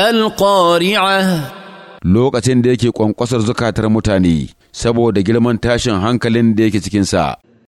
Alƙari'a lokacin da yake ƙwanƙwasar zukatar mutane saboda girman tashin hankalin da yake cikinsa.